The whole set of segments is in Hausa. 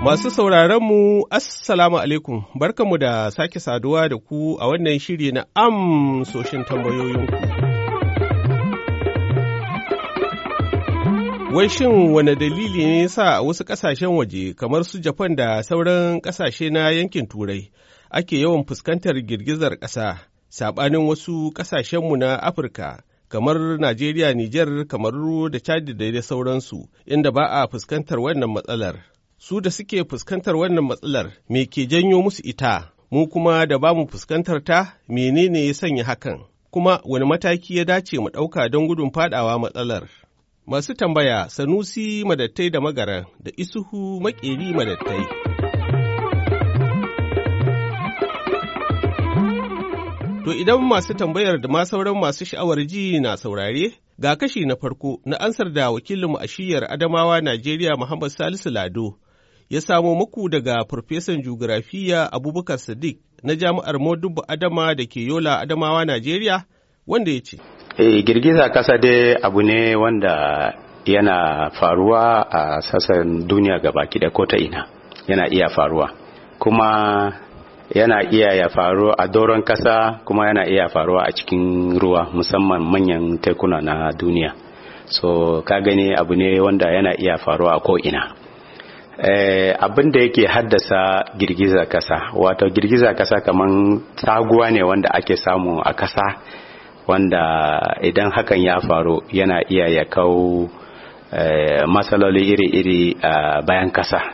Masu sauraronmu, Assalamu alaikum, barkanmu da sake saduwa da ku a wannan shiri na amsoshin tambayoyinku. Wai shin wane dalili ne sa a wasu ƙasashen waje kamar su Japan da sauran ƙasashe na yankin Turai ake yawan fuskantar girgizar ƙasa, saɓanin wasu ƙasashenmu na Afirka. kamar Najeriya, Nijar, kamar da Chad da sauransu, inda ba a fuskantar wannan matsalar. su da suke fuskantar wannan matsalar me ke janyo musu ita mu kuma da ba mu fuskantar ta menene ya sanya hakan kuma wani mataki ya dace mu ɗauka don gudun fadawa matsalar masu tambaya sanusi madattai da magara da isuhu makeri madattai To idan masu tambayar da ma sauran masu sha'awar ji na saurare, ga kashi na farko na ansar da wakilinmu a shiyar Adamawa Najeriya Muhammad Salisu Lado ya samo muku daga Farfesan Jugirafiya Abubakar Sadiq na Jami'ar Modubu Adama da ke Yola Adamawa Najeriya wanda ya ce. Eh, girgiza kasa dai abu ne wanda yana faruwa a sassan duniya gabaki da ko ta ina yana iya faruwa kuma yana iya ya faru a doron kasa kuma yana iya faruwa a cikin ruwa musamman manyan tekuna na duniya so ka gani abu ne wanda yana iya faruwa ko ina. Eh, abin da yake haddasa girgizar kasa wato girgizar kasa kaman taguwa ne wanda ake samu a kasa wanda idan hakan ya faru yana iya ya kawo eh, matsaloli iri-iri a bayan kasa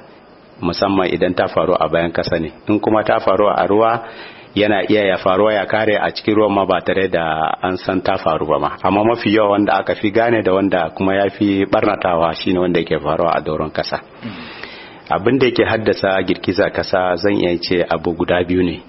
musamman idan ta faru a bayan kasa ne in kuma ta faru a ruwa yana iya ya faruwa ya kare a cikin ruwan ma ba tare da an san ta faru ba ma amma mafi yawa wanda aka fi gane da wanda kuma ya fi barnatawa shine wanda yake faruwa a doron kasa mm -hmm. abin da yake haddasa girgiza kasa zan iya ce abu guda biyu ne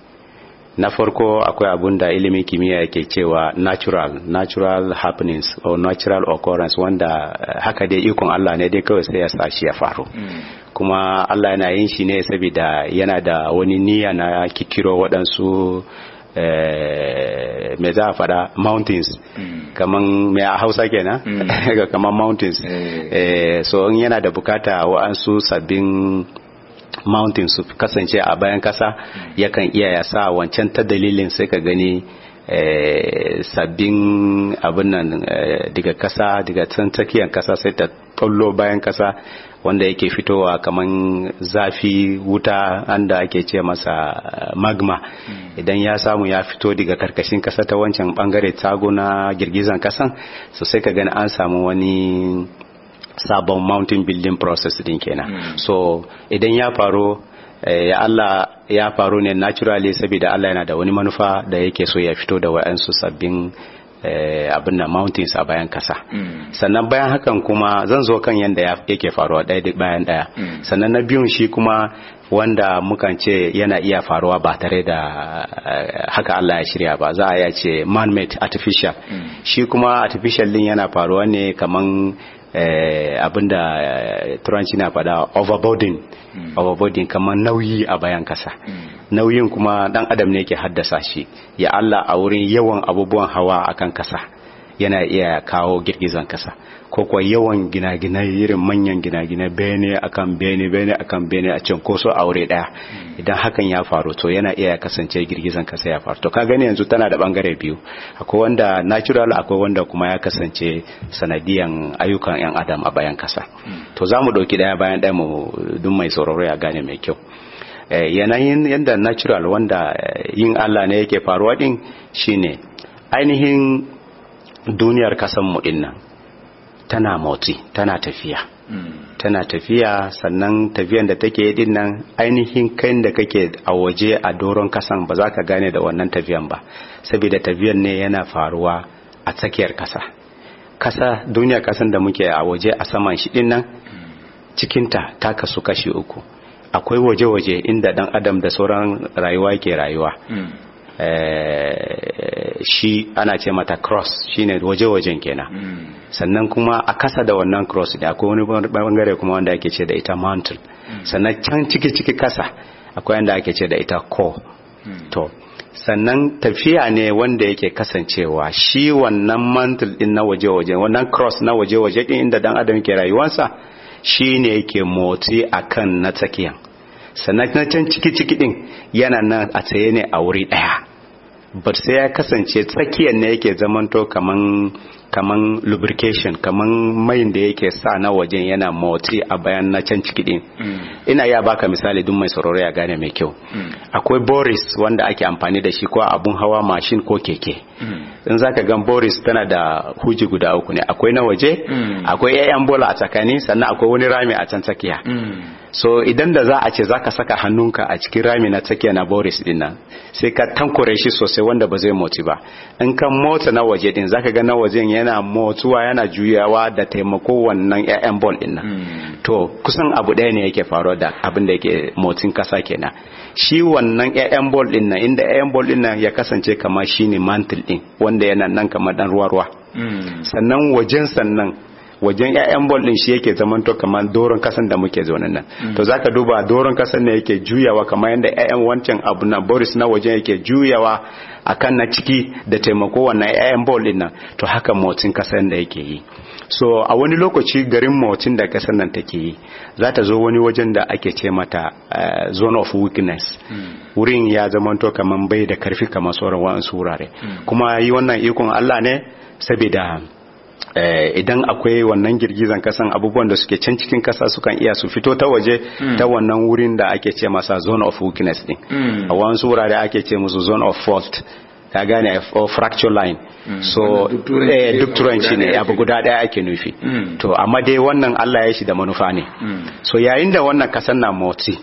na farko akwai abun da ilimin kimiyya yake cewa natural natural happenings or natural occurrence wanda eh, haka dai ikon Allah ne dai kawai sai ya sa shi ya faru hmm. kuma Allah yana yin shi ne saboda yana da wani niyya na kikiro waɗansu Eh, me za a fada mountains mm. kaman me a hausa kenan mm. kaman mountains eh. Eh, so in yana da bukata wa'ansu sabbin mountains su kasance a bayan kasa mm. yakan iya ya sa wancan ta dalilin sai ka gani Eh, sabbin abin nan eh, daga kasa daga can tsakiyar kasa sai ta tollo bayan kasa wanda yake fitowa kamar zafi wuta anda ake ce masa eh, magma hmm. idan ya samu ya fito daga karkashin kasa ta wancan bangare tago na girgizan kasan so sai ka gani an samu wani sabon mountain building process din kenan hmm. so idan ya faru ya Allah ya faru ne naturally saboda Allah yana da wani manufa da yake so ya fito da wa'ansu sabbin eh, abin na mountains a bayan kasa mm. sannan bayan hakan kuma zan zo kan yadda yake faruwa ɗaya duk bayan ɗaya mm. sannan na biyun shi kuma wanda mukan ce yana iya faruwa ba tare da eh, haka Allah ya shirya ba za a ya ce man-made artificial mm. shi kuma artificial din yana faruwa ne kaman Eh, abinda eh, turanci na faɗa overboarding hmm. overboarding kamar nauyi a bayan kasa hmm. nauyin kuma dan adam ne ke haddasa shi ya Allah a wurin yawan abubuwan hawa akan kasa yana iya kawo girgizan kasa ko kuwa yawan gina-gina irin manyan gina-gina bene akan bene bene akan bene a can koso aure daya idan hakan ya faru to yana iya kasance girgizan kasa ya faru to ka gani yanzu tana da bangare biyu akwai wanda natural akwai wanda kuma ya kasance sanadiyan ayyukan yan adam a bayan kasa to za mu ɗauki daya bayan daya mu duk mai sauraro ya gane mai kyau eh, yanayin yadda natural wanda eh, yin Allah ne yake faruwa din shine ainihin duniyar kasanmu mu nan tana motsi tana tafiya tana tafiya sannan tafiyan da take yi dinnan ainihin kai da kake a waje a doron kasan ba za ka gane da wannan tafiyan ba saboda tafiyan ne yana faruwa a tsakiyar kasa kasa duniyar kasan da muke a waje a saman shi dinnan cikinta ta kasu kashi uku akwai waje-waje inda dan adam da sauran rayuwa ke rayuwa Eh, shi ana ce mata cross shine waje-wajen kenan sannan kuma a kasa da wannan cross da akwai wani bangare kuma wanda ake ce da ita mantle sannan can ciki-ciki kasa akwai wanda ake ce da ita core to sannan tafiya ne wanda yake kasancewa shi wannan mantle din na waje-waje wannan cross na waje-waje din inda dan adam ke rayuwarsa shi ne yake motsi kan na tsakiyan sannan can ciki-ciki din yana nan a tsaye ne a wuri ɗaya ba sai ya kasance tsakiyar ne yake zamanto kaman kaman lubrication kaman mai da yake sa na wajen yana motsi a bayan na can ciki din mm. ina iya baka misali duk mai sauraro ya gane mai kyau mm. akwai boris wanda ake amfani da shi ko abun hawa mashin ko keke mm. in zaka gan boris tana da huji guda uku ne akwai na waje akwai yayan bola a tsakani sannan akwai wani rami a can tsakiya so idan da za a ce zaka saka hannunka a cikin rami na tsakiya na boris din nan sai ka tankure shi sosai wanda ba zai motsi ba in ka mota na waje din zaka ga na wajen yana motsuwa yana juyawa da taimako wannan 'ya'yan ball din nan hmm. to kusan abu ɗaya ne yake faruwa da abin da yake motsin kasa kenan shi wannan 'ya'yan ball din nan inda 'ya'yan ball din nan ya kasance kamar shine mantle din wanda yana nan kamar dan ruwa ruwa hmm. sannan wajen sannan wajen 'ya'yan bol din shi yake to kamar doron kasan da muke zaune nan mm. to zaka duba doron kasan ne yake juyawa kamar yadda 'ya'yan wancan abu na boris na wajen yake juyawa akan na ciki da taimako wannan 'ya'yan bol din nan to haka motsin kasan da yake yi so a wani lokaci garin motsin da kasar nan take yi za ta zo wani wajen da ake ce mata uh, zone of weakness mm. wurin ya ya zamanta kamar bai da karfi kamar sauran wa'ansu wurare mm. kuma yi wannan ikon allah ne saboda Eh, idan akwai wannan girgizan kasan abubuwan da suke can cikin kasa sukan iya su fito ta waje hmm. ta wannan wurin da ake ce masa zone of weakness din hmm. a wasu wurare ake ce musu zone of fault ka gane fracture line hmm. so eh, duk turanci ne abu guda daya ake nufi to amma dai wannan Allah ya shi da manufa ne so yayin da wannan kasan na motsi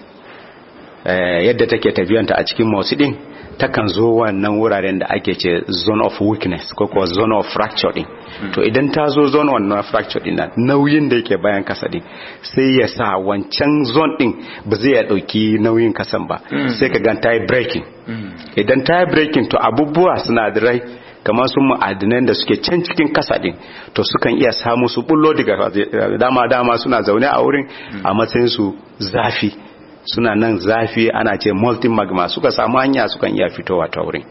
eh, yadda take tafiyanta a cikin motsi din takan zo wannan wuraren da ake ce zone of weakness ko kuwa zone of fracture din to idan ta zo zone wannan fracture din nan nauyin da yake bayan kasa din sai ya sa wancan zone din ba zai ya dauki nauyin kasan ba mm. sai ka ga ta yi breaking mm. idan ta yi breaking to abubuwa sinadarai kamar sun ma'adinan da suke can cikin kasa din to sukan iya samu su bullo daga dama dama suna zaune a wurin a matsayin su zafi suna nan zafi ana ce molten magma suka samu hanya sukan iya fitowa ta wurin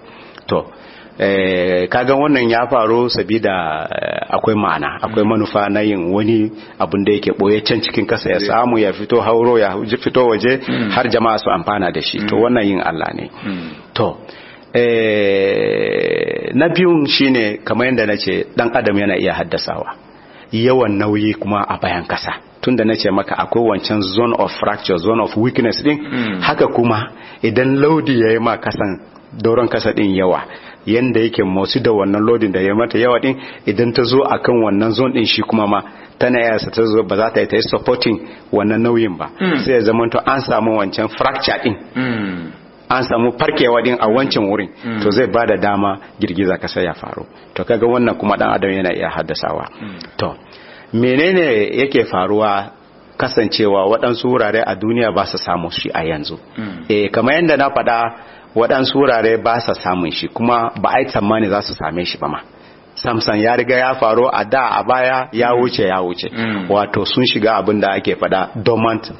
to eh, kagan wannan ya faru sabida eh, akwai ma'ana akwai manufa na yin wani abin da yake boye can cikin kasa ya samu ya fito hauro ya fito waje har jama'a su amfana da shi mm. to wannan yin Allah ne mm. to eh, na biyun shine kamar yadda na ce dan adam yana iya haddasawa yawan nauyi kuma a bayan kasa tunda na ce maka akwai wancan zone of fracture zone of weakness din hmm. haka kuma idan laudi ya yi ma kasan doron kasa din yawa yanda yake motsi da wannan lodin da ya mata yawa din idan ta zo akan wannan zone din shi kuma ma tana iya sa ta zo ba za ta yi ta supporting wannan nauyin ba mm. sai ya zama to an samu wancan fracture din hmm. an samu farkewa din a wancan wurin hmm. to zai ba da dama girgiza kasa ya faru to kaga wannan kuma dan adam yana iya haddasawa to menene yake faruwa kasancewa waɗansu wurare a duniya ba su samu shi a yanzu e, kamar yadda na faɗa waɗansu wurare ba su samun shi kuma ba a yi tsammani za su same shi ba ma samson ya riga ya faru a da a baya ya wuce ya wuce hmm. wato sun shiga abin da ake faɗa dormant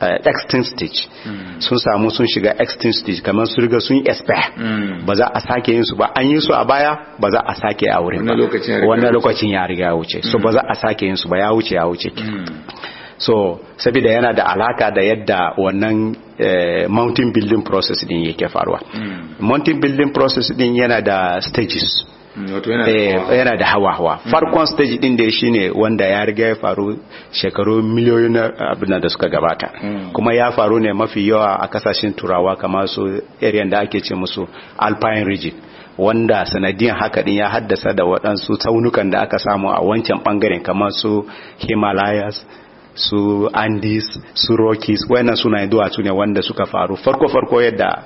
Eh, extinct stage hmm. sun samu sun shiga extinct stage kamar su riga sun expire hmm. ba za a sake yin su ba an yi su a baya ba za a sake a wurin ba wannan lokacin ya riga ya wuce so hmm. ba za a sake yin su ba ya wuce ya wuce so saboda yana da alaka da yadda wannan eh, mountain building process din yake faruwa mm. mountain building process din yana da stages Mm, eh, yana da hawa hawa mm. farkon stage din da shine wanda ya riga ya faru shekaru miliyoyin abin da suka gabata mm. kuma ya faru ne mafi yawa a kasashen turawa kamar su area da ake ce musu alpine region wanda sanadiyan haka din ya haddasa da waɗansu tsaunukan da aka samu a wancan ɓangaren kamar su himalayas su andes su rockies wayannan sunayen duwatsu ne wanda suka faru farko farko yadda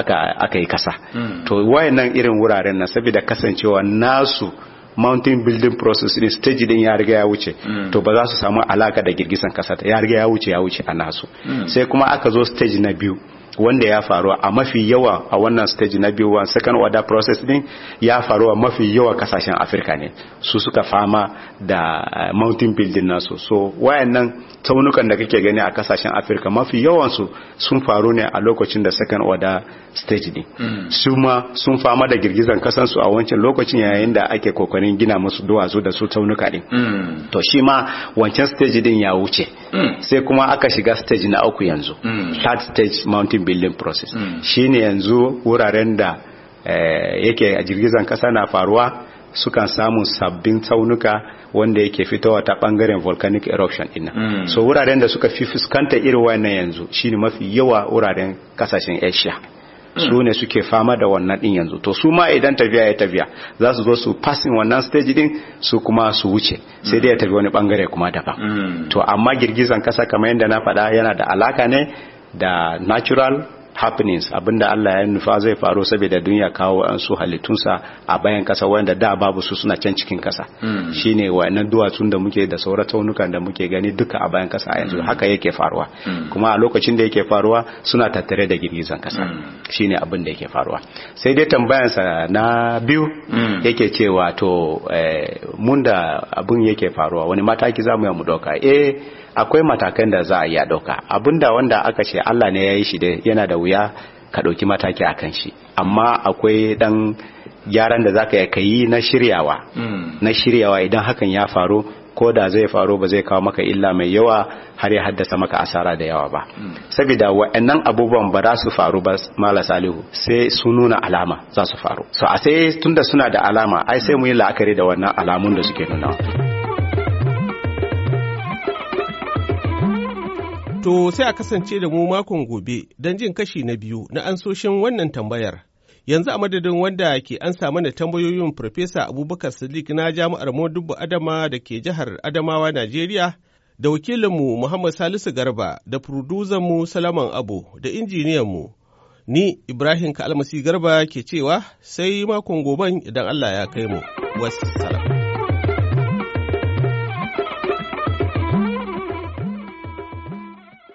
aka yi kasa hmm. to nan irin wuraren nan saboda kasancewa nasu mountain building process din stage din ya riga ya wuce hmm. to ba za su samu alaka da girgisan kasa ya riga ya wuce ya wuce a nasu hmm. sai kuma aka zo stage na biyu wanda ya faru a mafi yawa a wannan stage na biyu second order process din ya faru a mafi yawa kasashen afirka ne su suka fama da eh, mountain building nasu so wayannan taunukan da kake gani a kasashen afirka mafi yawansu sun faru ne a lokacin da second order stage din mm. su ma sun fama da girgizan kasansu a wancan lokacin yayin da ake kokarin gina masu duwatsu da su taunuka din mm. to shi ma wancan stage din ya wuce Mm. sai kuma aka shiga stage na uku yanzu mm. third stage mountain building process mm. shine yanzu wuraren da eh, yake a girgizan kasa na faruwa sukan samu sabbin tsaunuka wanda yake fitowa ta bangaren volcanic eruption ina so wuraren da suka fi fuskanta irin wannan yanzu shine mafi yawa wuraren kasashen asia Mm. su ne suke fama da wannan din yanzu to su ma idan tafiya ya tafiya za su zo su passing wannan stage din su kuma su wuce sai dai ya tafi wani bangare kuma daban mm. to amma girgizan kasa kamar yadda na faɗa yana da alaka ne da natural happenings abinda Allah ya nufa zai faru saboda duniya kawo an su halittunsa a bayan kasa wanda da babu su suna can cikin kasa hmm. shine wayannan duwatsun da muke da sauran taunukan da muke gani duka a bayan kasa a yanzu hmm. haka yake faruwa hmm. kuma a lokacin da yake faruwa suna tattare da girgizan kasa shine abin da yake faruwa sai dai tambayansa na biyu yake cewa to eh, mun da abin yake faruwa wani mataki za mu ya mu doka eh akwai matakan da za a iya ɗauka abinda wanda aka ce allah ne ya yi shi da yana da wuya ka ɗauki mataki a kan shi amma akwai ɗan gyaran da za ka yi na shiryawa mm. na shiryawa idan hakan ya faru ko da zai faru ba zai kawo maka illa mai yawa har ya haddasa maka asara da yawa ba mm. saboda wa'annan abubuwan ba za su faru ba mala salihu sai su nuna alama za su faru so a sai tunda suna da alama ai sai mu yi la'akari da wannan alamun da suke nuna To sai a kasance da mu makon gobe don jin kashi na biyu na ansoshin wannan tambayar. Yanzu a madadin wanda ke an ansa da tambayoyin Farfesa Abubakar Sadiq na jami'ar Modubu Adama da ke jihar Adamawa, Najeriya, da wakilinmu Muhammad Salisu Garba da mu Salaman Abu da injiniyanmu. Ni Ibrahim Kalmasi Garba ke cewa sai makon goben idan Allah ya kai mu. Wassalam.